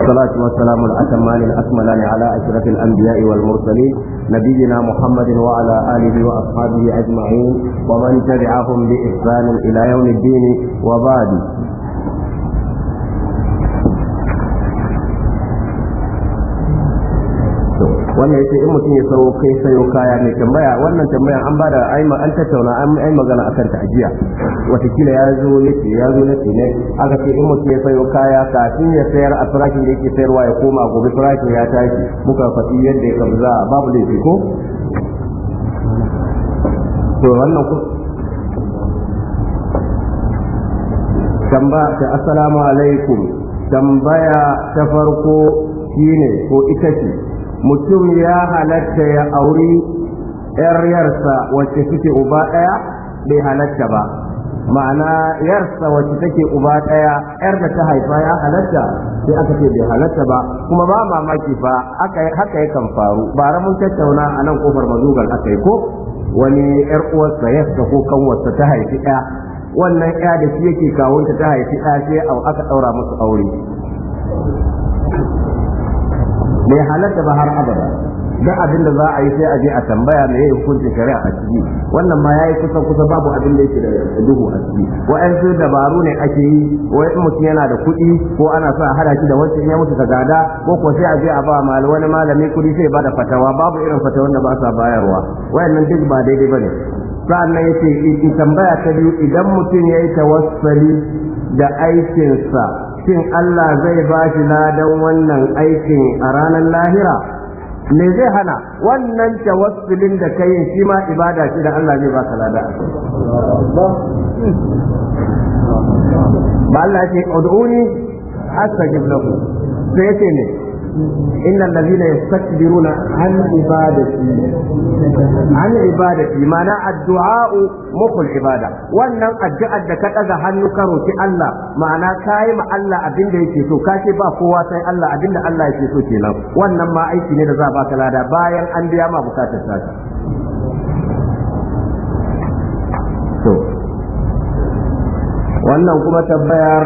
الصلاة والسلام الأتمان الأكملان على أشرف الأنبياء والمرسلين نبينا محمد وعلى آله وأصحابه أجمعين ومن تبعهم بإحسان إلى يوم الدين وبعد wannan yace in mutum ya sayo kai sayo kaya mai tambaya wannan tambaya an bada ai an tattauna an ai magana akan ta ajiya watakila ya zo ya ce ya zo ya ce ne aka ce in mutum ya sayo kaya kafin ya sayar a farashin da yake sayarwa ya koma gobe farashin ya tashi muka faɗi yadda ya kamza babu laifi ko to wannan ku tambaya ta assalamu alaikum tambaya ta farko shine ko ita ce mutum ya halatta ya auri 'yar yarsa wacce suke uba ɗaya bai halatta ba ma'ana yarsa wacce take uba ɗaya yar da ta haifa ya halatta sai aka ce bai halatta ba kuma ba mamaki ba haka yakan faru bara mun tattauna a nan kofar mazugal aka ko wani yar uwarsa yarsa ko kanwarsa ta haifi ɗaya wannan ya da shi yake kawunta ta haifi ɗaya sai aka ɗaura musu aure bai halatta ba har abada da abin da za a yi sai a je a tambaya me yayi hukuncin shari'a a ciki wannan ma yayi kusa kusa babu abin da yake da duhu a ciki wa'ansu dabaru ne ake yi wai mutum yana da kuɗi ko ana sa a hada shi da wancan ya mutu gada ko ko sai a je a ba mal wani malami kuɗi sai ba da fatawa babu irin fatawar da ba sa bayarwa wayannan duk ba daidai bane sa'annan yace in tambaya ta biyu idan mutum ya yi tawassali da aikinsa shin Allah zai ba shi ladan wannan aikin a ranar lahira me zai hana wannan tawassulin da kai shi ma ibada ce da Allah zai baka lada ba Allah ce ud'uni astajib lakum sai ce ne إن الذين يستكبرون عن عبادتي عن عبادتي ما معنى الدعاء مخ العبادة وأن الدعاء دكت أذا هنك روتي الله معنى كايم الله أبين دي كيسو كاشي با قوة الله أبين الله يكيسو لو وأن ما أيكي نرزا باك لادا باين أنبياء ما بكات ساكي وأن kuma tabbayar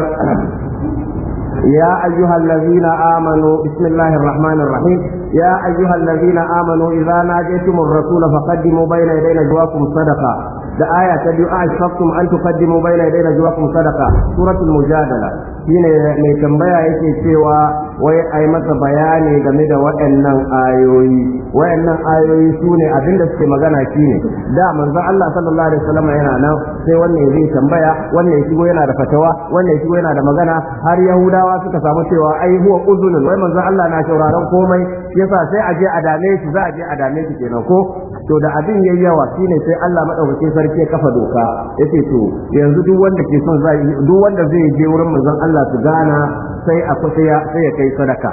يا أيها الذين آمنوا بسم الله الرحمن الرحيم يا أيها الذين آمنوا إذا ناجيتم الرسول فقدموا بين يدي نجواكم صدقة da aya ta biyu a shaftum an tuqaddimu bayna yadayna jawakum sadaqa suratul mujadala shine mai tambaya yake cewa wai ai masa bayani game da waɗannan ayoyi waɗannan ayoyi su ne abinda suke magana shine da manzo Allah sallallahu alaihi wasallam yana nan sai wannan zai tambaya wannan ya shigo yana da fatawa wannan ya shigo yana da magana har yahudawa suka samu cewa ai huwa uzunun wai manzo Allah na shauraron komai yasa sai a je a dame shi za a je a dame shi kenan ko to da abin yayi yawa shine sai Allah madaukakin sarki ya kafa doka yace to yanzu duk wanda ke son zai duk wanda zai je wurin manzon Allah Allah su gana sai a sai ya kai sadaka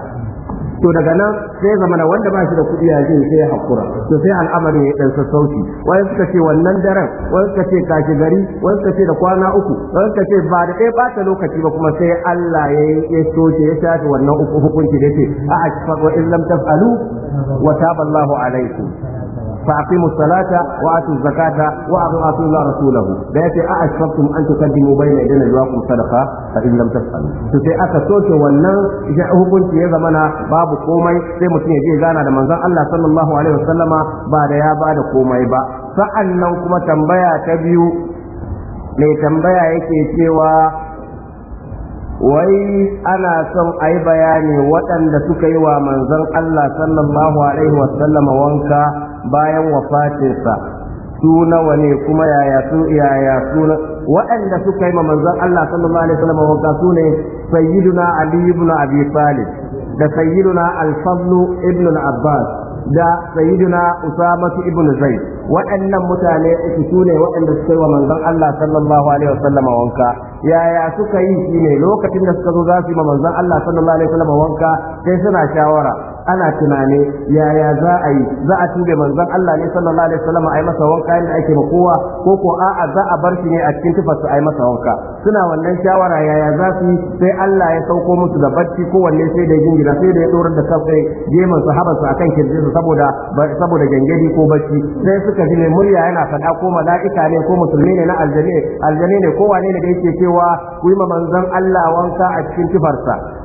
to daga nan sai zamana wanda ba shi da kuɗi ya je sai ya hakura to sai al'amarin ya dan sassauci wai suka ce wannan daren wai suka ce kashi gari wai suka ce da kwana uku wai suka ce ba da ɗaya bata lokaci ba kuma sai Allah ya ya soke ya shafe wannan uku hukunci da ce a asfa wa in lam taf'alu wa taba Allahu alaikum فأقيموا الصلاة وآتوا الزكاة وأطيعوا الله رسوله بيتي أأشفقتم أن تقدموا بين يدينا جواكم صدقة فإن لم تفعلوا sai aka soke wannan hukunci ya zamana babu komai sai mutum ya je gana da manzon Allah sallallahu alaihi wasallama ba da ya ba da komai ba sa'annan kuma tambaya ta biyu yake cewa wai ana son a yi bayani waɗanda suka yi wa manzon Allah sallallahu alaihi wasallama wanka bayan wafatinsa su nawa ne kuma yaya su yaya su waɗanda suka yi ma manzon Allah sallallahu alaihi wasallam wanka su ne sayyiduna ali ibn abi talib da sayyiduna al-fadl ibn al-abbas da sayyiduna usama ibn zaid waɗannan mutane uku su ne waɗanda suka yi wa manzon Allah sallallahu alaihi wasallam wanka yaya suka yi shi ne lokacin da suka zo za su yi ma manzon Allah sallallahu alaihi wasallam wanka sai suna shawara ana tunani yaya za a yi za a tube manzon Allah ne sallallahu alaihi wasallam a yi masa wanka yadda ake ma kowa ko ko a'a za a bar shi ne a cikin tufarsa a yi masa wanka suna wannan shawara yaya za su yi sai Allah ya sauko musu da barci, ko wanne sai da gida sai da ya dorar da man sahaba su akan su saboda saboda gangadi ko barci. sai suka ji mai murya yana faɗa ko mala'ika ne ko musulmi ne na aljani aljani ne ko wane ne da yake cewa ku yi manzon Allah wanka a cikin tufarsa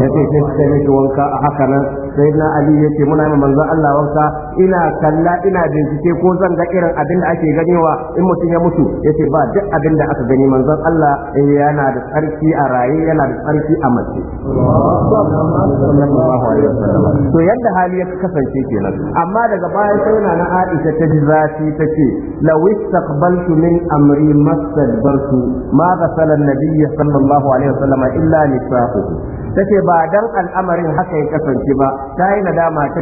ya ce sai suka wanka a haka nan sai na ali ya ce muna yi manzo Allah wanka ina kalla ina bincike ko zan ga irin abin da ake ganewa in mutum ya mutu yace ba duk abin da aka gani manzon Allah eh, yana da tsarki a raye yana da tsarki a mace to yadda hali ya kasance kenan amma daga baya sai na Aisha ta ji zafi ta ce law istaqbaltu min amri mastadbartu ma ghasala an-nabiy sallallahu alaihi wasallam illa nisa'uhu tace ba dan al'amarin haka ya kasance ba ta yi nadama ce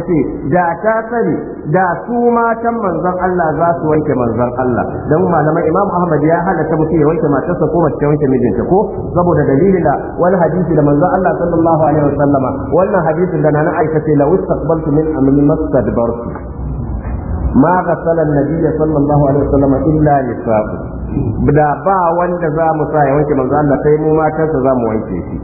da ta sani da su matan manzon Allah za su wanke manzon Allah dan malama Imam Ahmad ya halatta mutum ya wanke matarsa ko mace wanke mijinta ko saboda dalili da wani hadisi da manzon Allah sallallahu alaihi wasallama wannan hadisin da nana Aisha ce la wastaqbaltu min amin mastadbartu ma ghasala an-nabiy sallallahu alaihi wasallama illa nisa'u da ba wanda za mu sa ya wanke manzo Allah sai mu matarsa za mu wanke shi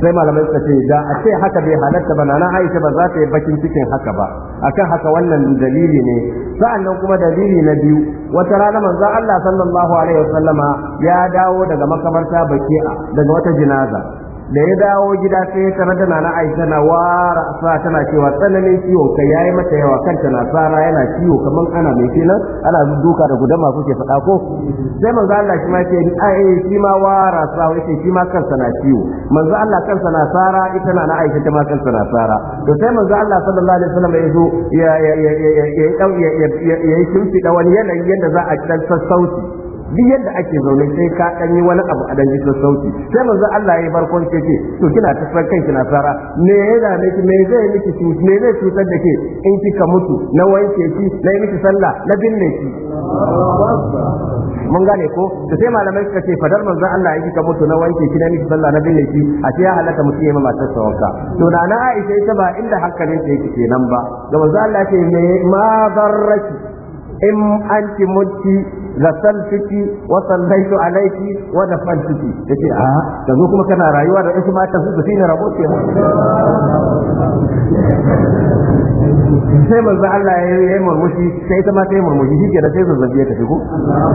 sai malamai suka ce da a ce haka bai halatta ba nana Aisha ba za ta yi bakin cikin haka ba akan haka wannan dalili ne sa'annan kuma dalili na biyu wata rana manzo Allah sallallahu alaihi wasallama ya dawo daga makabarta baki'a daga wata jinaza da ya dawo gida sai ya tarar da nana Aisha na wara sa tana cewa tsananin ciwo kai yayi mata yawa kanta na fara yana ciwo kaman ana mai kenan ana duka da gudama kuke faɗa ko sai manzo Allah shi ma ce ai shi ma wara sa wace shi ma kansa na ciwo manzo Allah kansa na fara ita nana Aisha ta ma kansa na fara to sai manzo Allah sallallahu alaihi wasallam ya zo ya ya ya ya ya ya ya ya ya ya ya ya ya ya ya ya ya ya ya duk yadda ake zaune sai ka dan yi wani abu a dan jikin sauki sai manzo Allah yayi barkon ke ce to kina ta kanki na sara me da miki me zai miki me zai cutar da ke in kika mutu na wanke ki na yi miki sallah na binne ki mun gane ko da sai malamai suka ce fadar manzo Allah yayi kika mutu na wanke ki na miki sallah na binne ki a ce ya halaka mutum ya mama matar wanka to na na Aisha ita ba inda hankalin ta yake kenan ba ga manzo Allah ya ce me ma zarraki in anti mutti lasaltiki wa sallaitu alayki wa dafaltiki yace a ka zo kuma kana rayuwa da wasu mata su shine rabo ce sai manzo Allah ya yi murmushi sai ita ma ta yi murmushi shi ke da sai zazzabi ya tafi ko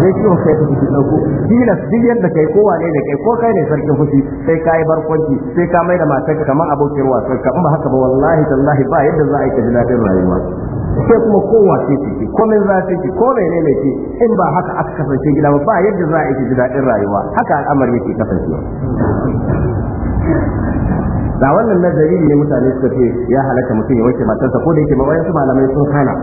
sai ciwon kai ta fito ko tilas duk yadda kai kowa ne da kai ko kai ne sarkin fushi sai ka yi barkwanci sai ka mai da matarka kamar abokin wasan ka in ba haka ba wallahi tallahi ba yadda za a yi ka ji rayuwa sai kuma kowa ce ce komai za ce ce ko ne ce in ba haka haka aka kasance gida ba ba yadda za a yi ji daɗin rayuwa haka al'amari yake kasancewa da wannan nazari ne mutane suka ce ya halaka mutum ya wanke matarsa ko da yake ba wayansu malamai sun hana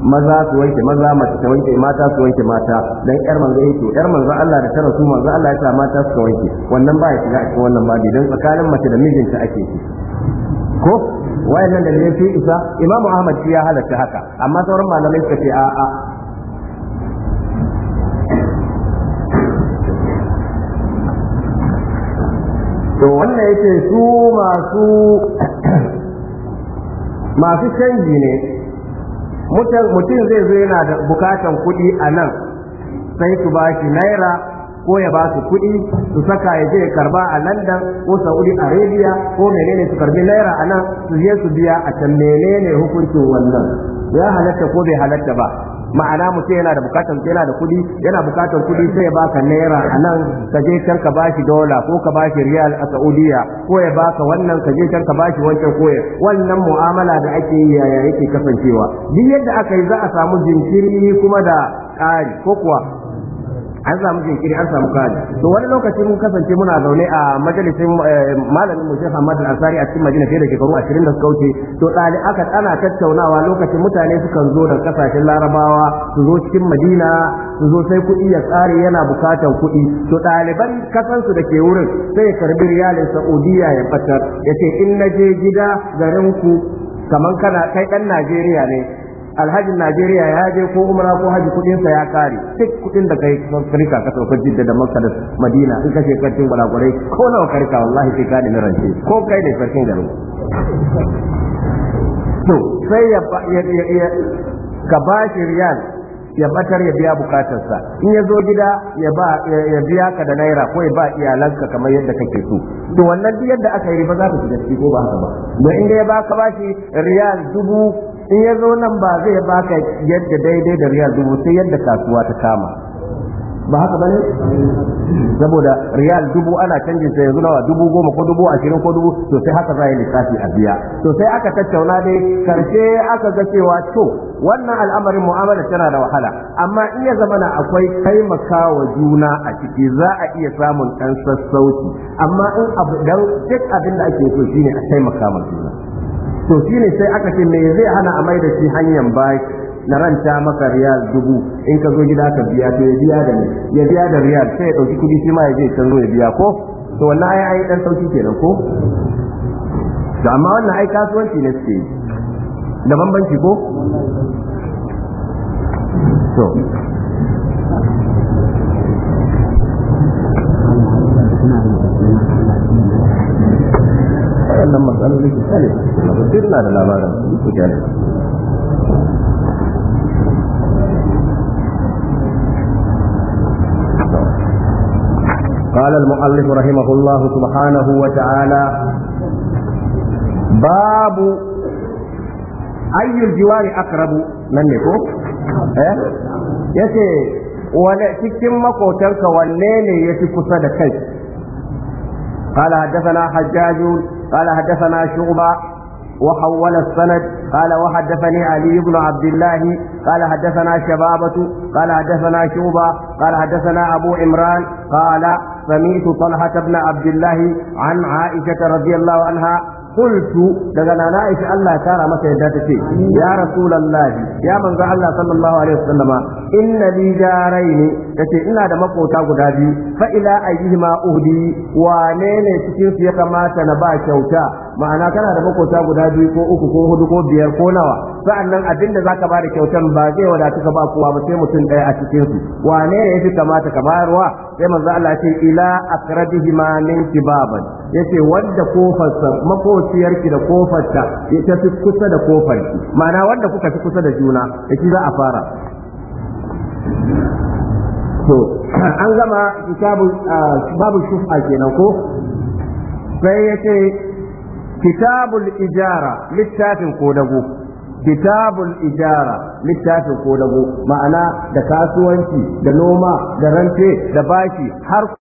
maza su wanke maza mace ta wanke mata su wanke mata dan yar manzo yake yar manzo Allah da tara su manzo Allah ya sa mata su wanke wannan ba ya shiga a cikin wannan babi dan tsakanin mace da mijinta ake ci ko wayannan da ne fi isa imamu ahmad ya halatta haka amma sauran malamai suka ce a'a to wannan yake su masu masu canji ne mutum zai zo yana da bukatan kuɗi a nan sai su ba shi naira ko ya ba su kuɗi su saka ya je karba a Landan, ko Saudi Arabia ko menene su karbi naira a nan su je su biya a can menene hukuncin wannan ya halatta ko bai halatta ba ma'ana mutum yana da bukatar yana da kuɗi yana bukatar kuɗi sai ya baka naira a nan ka je can ka bashi dola ko ka bashi riyal a Saudiya ko ya baka wannan ka je can ka bashi wancan ko ya wannan mu'amala da ake yi yaya yake kasancewa duk yadda aka yi za a samu jinkiri kuma da ƙari ko kuwa an samu jinkiri an samu kari to wani lokaci mun kasance muna zaune a majalisin eh, malamin mu Sheikh Ahmad Al-Ansari a cikin Madina fiye da shekaru 20 da suka wuce to dali aka ana tattaunawa lokacin mutane sukan zo daga kasashen Larabawa su zo cikin Madina su zo sai kuɗi ya tsare yana bukatan kuɗi to ɗaliban kasansu da ke wurin sai ya karbi riyalin Saudiya ya fatar ya ce in na je gida garin ku kamar kana kai ɗan Najeriya ne alhajin Najeriya ya je ko umra ko haji kudin sa ya kare duk kudin da kai rika ka sauka jidda da Makka da Madina in ka tin karkin ko nawa karka wallahi sai ka dinin rance ko kai ne farkin garo to sai ya ka bashi riyal ya batar ya biya bukatarsa in ya zo gida ya ba ya biya ka da naira ko ya ba iyalanka kamar yadda kake so to wannan duk yadda aka yi ba za ta shiga ciki ko ba haka ba don inda ya ba baka bashi riyal dubu in ya zo nan ba zai baka yadda daidai da riyal dubu sai yadda kasuwa ta kama ba haka bane saboda riyal dubu ana canjin sai yanzu nawa dubu goma ko dubu ashirin ko dubu to sai haka za a yi lissafi a biya to sai aka tattauna dai karshe aka ga cewa to wannan al'amarin mu'amala tana da wahala amma in ya zama na akwai taimakawa juna a ciki za a iya samun ɗan sassauci amma in abu dan duk abin da ake so shine a taimaka ma juna to ne sai aka ce me zai hana a mai da shi hanyar baki na ranta maka riyal dubu in ka zo gida ka biya to ya biya da ni ya biya da riyal sai ya dauki kudi shi ma ya je can zo ya biya ko to wannan ai ai dan sauki kenan ko to amma wannan ai kasuwanci ne suke da bambanci ko to da labarin su قال المؤلف رحمه الله سبحانه وتعالى باب أي الجوار أقرب من نكو إيه؟ يتي ولا تكتم والليل يتي قصد كي قال حدثنا حجاج قال حدثنا شعبة وحول السند قال وحدثني علي بن عبد الله قال حدثنا شبابة قال حدثنا شعبة قال حدثنا أبو عمران قال سمعت طلحة بن عبد الله عن عائشة رضي الله عنها قلت دغنا عائشة الله تعالى ما سيداتك يا رسول الله يا من الله صلى الله عليه وسلم إن لي جارين تتي إنا دا مقوتا قدابي فإلى أيهما أهدي وانين تكين في كما تنبا كوتا ma'ana كان da makota guda biyu ko uku ko hudu ko biyar ko nawa nan abin da ba da kyautan ba zai wadatu ka ba kowa ba sai mutum ɗaya a cikin su wane ne yafi kamata ka bayarwa sai manzo Allah ce ila aqrabihima min kibaban yace wanda kofarsa makociyarki da kofarta ita fi kusa da kofarki ma'ana wanda kuka fi kusa da juna yake za a fara to an gama kitabun babu shufa kenan ko sai yace kitabul ijara littafin kodago kitabul ijara littafin ko dago ma'ana da kasuwanci da noma da rance da bashi har